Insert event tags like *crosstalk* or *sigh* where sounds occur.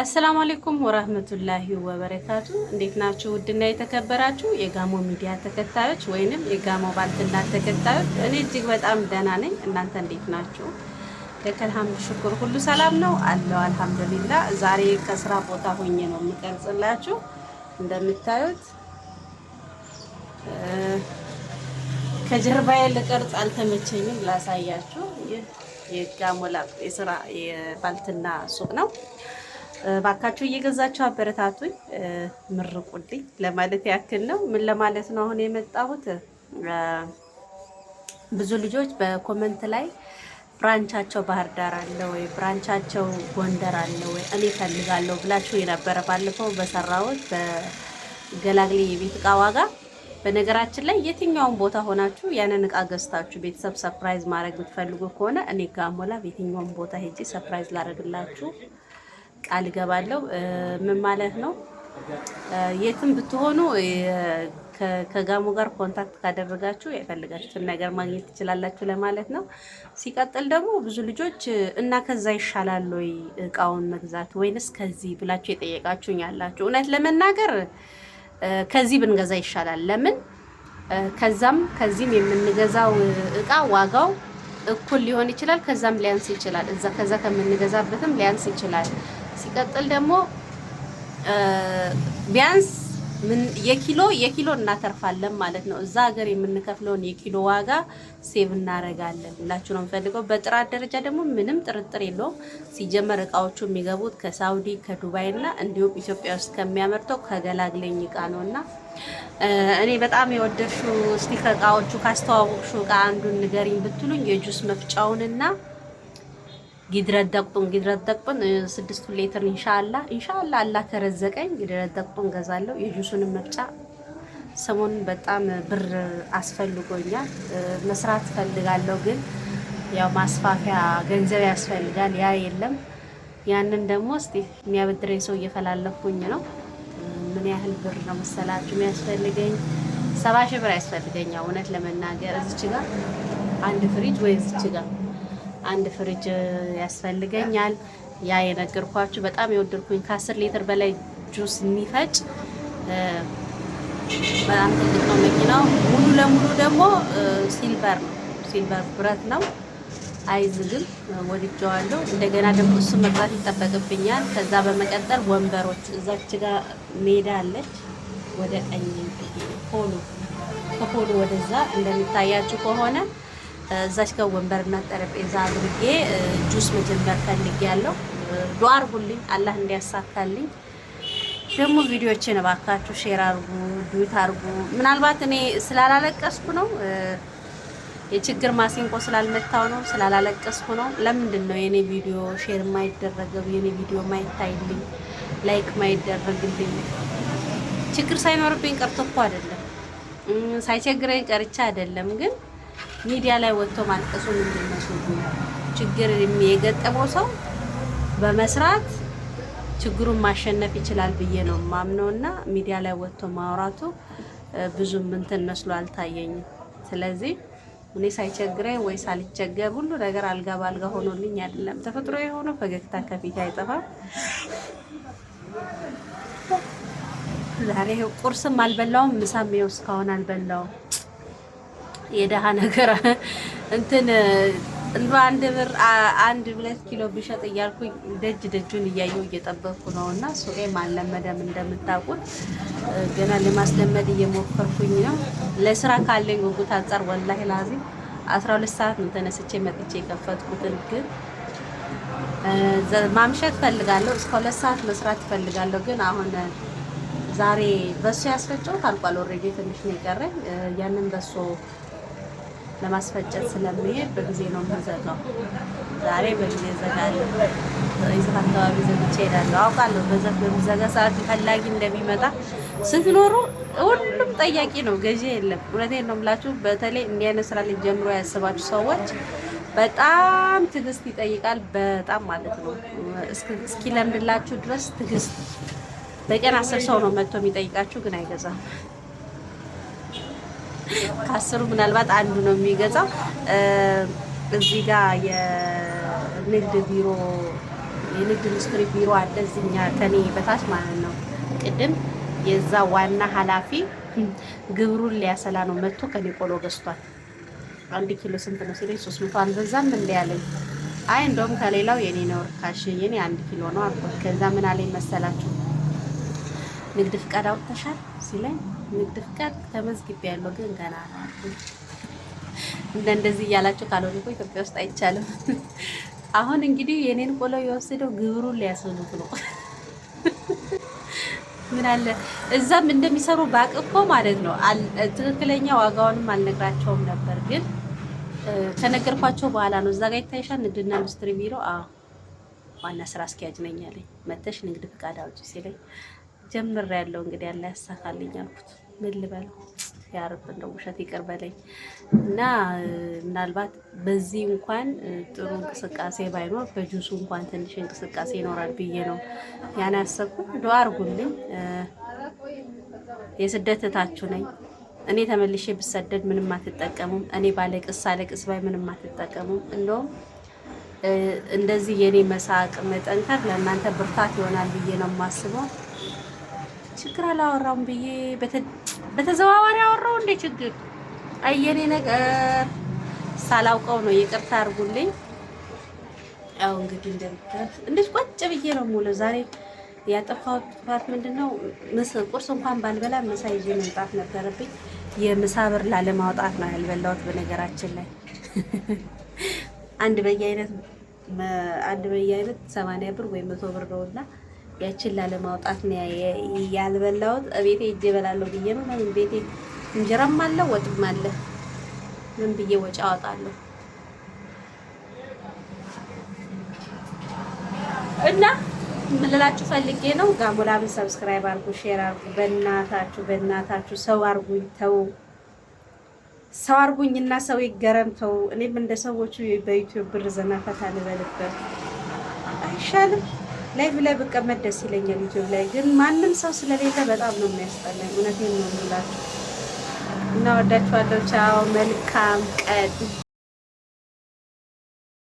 አሰላሙ አሌይኩም ወራህመቱላሂ ወበረካቱ። እንዴት ናችሁ? ውድና የተከበራችሁ የጋሞ ሚዲያ ተከታዮች ወይንም የጋሞ ባልትና ተከታዮች፣ እኔ እጅግ በጣም ደህና ነኝ። እናንተ እንዴት ናችሁ? ለከልሐምድ ሽኩር ሁሉ ሰላም ነው አለው አልሐምዱሊላ። ዛሬ ከስራ ቦታ ሆኜ ነው የምቀርጽላችሁ። እንደምታዩት ከጀርባዬ ልቀርጽ አልተመቸኝም። ላሳያችሁ። ይህ የጋሞ የስራ የባልትና ሱቅ ነው። ባካችሁ እየገዛችሁ አበረታቱኝ፣ ምርቁልኝ ለማለት ያክል ነው። ምን ለማለት ነው አሁን የመጣሁት ብዙ ልጆች በኮመንት ላይ ብራንቻቸው ባህር ዳር አለ ወይ ብራንቻቸው ጎንደር አለ ወይ እኔ ፈልጋለሁ ብላችሁ የነበረ ባለፈው በሰራሁት በገላግሌ የቤት እቃ ዋጋ። በነገራችን ላይ የትኛውን ቦታ ሆናችሁ ያንን እቃ ገዝታችሁ ቤተሰብ ሰፕራይዝ ማድረግ የምትፈልጉ ከሆነ እኔ ጋሞላ በየትኛውን ቦታ ሄጄ ሰፕራይዝ ላደርግላችሁ ቃል እገባለሁ። ምን ማለት ነው? የትም ብትሆኑ ከጋሞ ጋር ኮንታክት ካደረጋችሁ የፈልጋችሁትን ነገር ማግኘት ትችላላችሁ ለማለት ነው። ሲቀጥል ደግሞ ብዙ ልጆች እና ከዛ ይሻላል ወይ እቃውን መግዛት ወይንስ ከዚህ ብላችሁ የጠየቃችሁኝ ያላችሁ፣ እውነት ለመናገር ከዚህ ብንገዛ ይሻላል። ለምን ከዛም ከዚህም የምንገዛው እቃ ዋጋው እኩል ሊሆን ይችላል። ከዛም ሊያንስ ይችላል። እዛ ከዛ ከምንገዛበትም ሊያንስ ይችላል። ሲቀጥል ደግሞ ቢያንስ የኪሎ የኪሎ እናተርፋለን ማለት ነው። እዛ ሀገር የምንከፍለውን የኪሎ ዋጋ ሴቭ እናደርጋለን ብላችሁ ነው የምፈልገው። በጥራት ደረጃ ደግሞ ምንም ጥርጥር የለውም። ሲጀመር እቃዎቹ የሚገቡት ከሳውዲ ከዱባይ እና እንዲሁም ኢትዮጵያ ውስጥ ከሚያመርተው ከገላግለኝ እቃ ነው እና እኔ በጣም የወደድሽው እስቲ ከእቃዎቹ ካስተዋወቅሹ እቃ አንዱን ንገሪኝ ብትሉኝ የጁስ መፍጫውንና ጊድረደቁጡን ጊድረደቁጡን ስድስቱ ሌትር ኢንሻአላ ኢንሻአላ አላህ ከረዘቀኝ ጊድረደቁጡን ገዛለሁ። የጁሱንም መፍጫ ሰሞኑን በጣም ብር አስፈልጎኛል፣ መስራት ፈልጋለሁ። ግን ያው ማስፋፊያ ገንዘብ ያስፈልጋል፣ ያ የለም። ያንን ደግሞ እስቲ የሚያበድረኝ ሰው እየፈላለኩኝ ነው። ምን ያህል ብር ነው መሰላችሁ የሚያስፈልገኝ? ሰባ ሺህ ብር ያስፈልገኛል። እውነት ለመናገር እዚች ጋር አንድ ፍሪጅ ወይ እዚች ጋር አንድ ፍሪጅ ያስፈልገኛል። ያ የነገርኳችሁ በጣም የወደድኩኝ ከአስር ሊትር በላይ ጁስ የሚፈጭ በጣም ትልቅ ነው መኪናው። ሙሉ ለሙሉ ደግሞ ሲልቨር ነው፣ ሲልቨር ብረት ነው። አይዝግም፣ ወድጀዋለሁ። እንደገና ደግሞ እሱ መግባት ይጠበቅብኛል። ከዛ በመቀጠል ወንበሮች፣ እዛች ጋር ሜዳ አለች ወደ ቀኝ ሆኖ ከሆኖ ወደዛ እንደሚታያችሁ ከሆነ እዛች ጋር ወንበርና ጠረጴዛ አድርጌ ጁስ መጀመር ፈልጌያለሁ። ዱአ አርጉልኝ አላህ እንዲያሳካልኝ። ደግሞ ቪዲዮዎችን እባካችሁ ሼር አርጉ፣ ዱት አርጉ። ምናልባት እኔ ስላላለቀስኩ ነው የችግር ማሲንቆ ስላልመታው ነው ስላላለቀስኩ ነው። ለምንድን ነው የኔ ቪዲዮ ሼር የማይደረገው? የኔ ቪዲዮ ማይታይልኝ? ላይክ ማይደረግልኝ? ችግር ሳይኖርብኝ ቀርቶ እኮ አይደለም፣ ሳይቸግረኝ ቀርቻ አይደለም ግን ሚዲያ ላይ ወጥቶ ማልቀሱ ምንድን ነው? ችግር የገጠመው ሰው በመስራት ችግሩን ማሸነፍ ይችላል ብዬ ነው ማምነው እና ሚዲያ ላይ ወጥቶ ማውራቱ ብዙም እንትን መስሎ አልታየኝም። ስለዚህ እኔ ሳይቸግረኝ ወይ ሳልቸገር ሁሉ ነገር አልጋ ባልጋ ሆኖልኝ አይደለም። ተፈጥሮ የሆነው ፈገግታ ከፊት አይጠፋም። ዛሬ ቁርስም አልበላውም፣ ምሳም ይኸው እስካሁን አልበላውም። የደሃ ነገር እንትን በአንድ ብር አንድ ሁለት ኪሎ ብሸጥ እያልኩኝ ደጅ ደጁን እያየው እየጠበቅኩ ነው። እና ሱኤም አልለመደም እንደምታውቁት፣ ገና ለማስለመድ እየሞከርኩኝ ነው። ለስራ ካለኝ ጉጉት አንጻር ወላሂ ላዚ አስራ ሁለት ሰዓት ነው ተነስቼ መጥቼ የከፈትኩትን ግን ማምሸት ፈልጋለሁ። እስከ ሁለት ሰዓት መስራት ፈልጋለሁ። ግን አሁን ዛሬ በሱ ያስፈጨው ታልቋል። ኦልሬዲ ትንሽ ነው የቀረኝ ያንን በሱ ለማስፈጨት ስለሚሄድ በጊዜ ነው የምዘጋው። ዛሬ በጊዜ እዘጋለሁ። ይዘት አካባቢ ዘግቼ እሄዳለሁ። አውቃለሁ በዘፍ በሚዘጋ ሰዓት ፈላጊ እንደሚመጣ ስትኖሩ ሁሉም ጠያቂ ነው፣ ገዢ የለም። እውነቴን ነው የምላችሁ። በተለይ እንዲህ አይነት ስራ ልትጀምሩ ያስባችሁ ሰዎች በጣም ትዕግስት ይጠይቃል። በጣም ማለት ነው እስኪለምድላችሁ ድረስ ትዕግስት። በቀን አስር ሰው ነው መጥቶ የሚጠይቃችሁ፣ ግን አይገዛም። ከአስሩ ምናልባት አንዱ ነው የሚገዛው። እዚህ ጋር የንግድ ቢሮ የንግድ ሚኒስትሪ ቢሮ አለ፣ እዚኛ ከኔ በታች ማለት ነው። ቅድም የዛ ዋና ኃላፊ ግብሩን ሊያሰላ ነው መጥቶ ከኔ ቆሎ ገዝቷል። አንድ ኪሎ ስንት ነው ሲለኝ ሶስት መቶ አልበዛም እንደ ያለኝ አይ እንደውም ከሌላው የኔ ነው ርካሽ የኔ አንድ ኪሎ ነው አልኩት። ከዛ ምን አለኝ መሰላችሁ ንግድ ፍቃድ አውጥተሻል ሲለኝ ንግድ ፍቃድ ያለው ግን ገና እንደ እንደዚህ እያላችሁ ካልሆነ እኮ ኢትዮጵያ ውስጥ አይቻልም። አሁን እንግዲህ የኔን ቆሎ የወሰደው ግብሩን ሊያስብሉት ነው። ምን አለ እዛም እንደሚሰሩ ባቅ እኮ ማለት ነው። ትክክለኛ ዋጋውንም አልነግራቸውም ነበር፣ ግን ከነገርኳቸው በኋላ ነው። እዛ ጋ ይታይሻል፣ ንግድና ኢንዱስትሪ ቢሮ ዋና ስራ አስኪያጅ ነኝ አለኝ። መተሽ ንግድ ፍቃድ አውጪ ሲለኝ ጀምር ያለው እንግዲህ ያለ ያሳካልኝ አልኩት። ምን ልበል ያርብ እንደው ውሸት ይቅር በለኝ እና ምናልባት በዚህ እንኳን ጥሩ እንቅስቃሴ ባይኖር በጁሱ እንኳን ትንሽ እንቅስቃሴ ይኖራል ብዬ ነው ያን ያሰብኩት። ዱአ አርጉልኝ። የስደት እታችሁ ነኝ። እኔ ተመልሼ ብሰደድ ምንም አትጠቀሙም። እኔ ባለቅስ ሳለቅስ ባይ ምንም አትጠቀሙም። እንደውም እንደዚህ የኔ መሳቅ መጠንከር ለእናንተ ብርታት ይሆናል ብዬ ነው የማስበው። ችግር አላወራውም ብዬ በተዘዋዋሪ አወራው እንደ ችግር አየኔ ነገር ሳላውቀው ነው። ይቅርታ አድርጉልኝ። ያው እንግዲህ እንደምታዩት እንዴት ቆጭ ብዬ ነው የምውለው ዛሬ ያጠፋው ጥፋት ምንድነው? ምስ ቁርስ እንኳን ባልበላ ምሳ ይዤ መምጣት ነበረብኝ። የምሳ ብር ላለማውጣት ነው ያልበላሁት በነገራችን ላይ *laughs* አንድ በየአይነት አንድ በየአይነት 80 ብር ወይ መቶ ብር ነውና ያችን ላለማውጣት ነው ያልበላሁት። ቤቴ እጄ እበላለሁ ብዬ ነው። ለምን ቤቴ እንጀራም አለ ወጥም አለ። ምን ብዬ ወጪ አወጣለሁ? እና ምልላችሁ ፈልጌ ነው። ጋሞላም ሰብስክራይብ አርጉ፣ ሼር አርጉ። በእናታችሁ በእናታችሁ ሰው አርጉኝ፣ ተው ሰው አርጉኝና ሰው ይገረምተው። ተው። እኔም እንደ ሰዎቹ በዩቲዩብ ብር ዘና ፈታ ልበልበት አይሻልም? ላይቭ ላይ ብቀመጥ ደስ ይለኛል። ዩቲዩብ ላይ ግን ማንም ሰው ስለሌለ በጣም ነው የሚያስጠላኝ። እውነቴን ነው የምላችሁ። እናወዳችኋለሁ። ቻው። መልካም ቀን።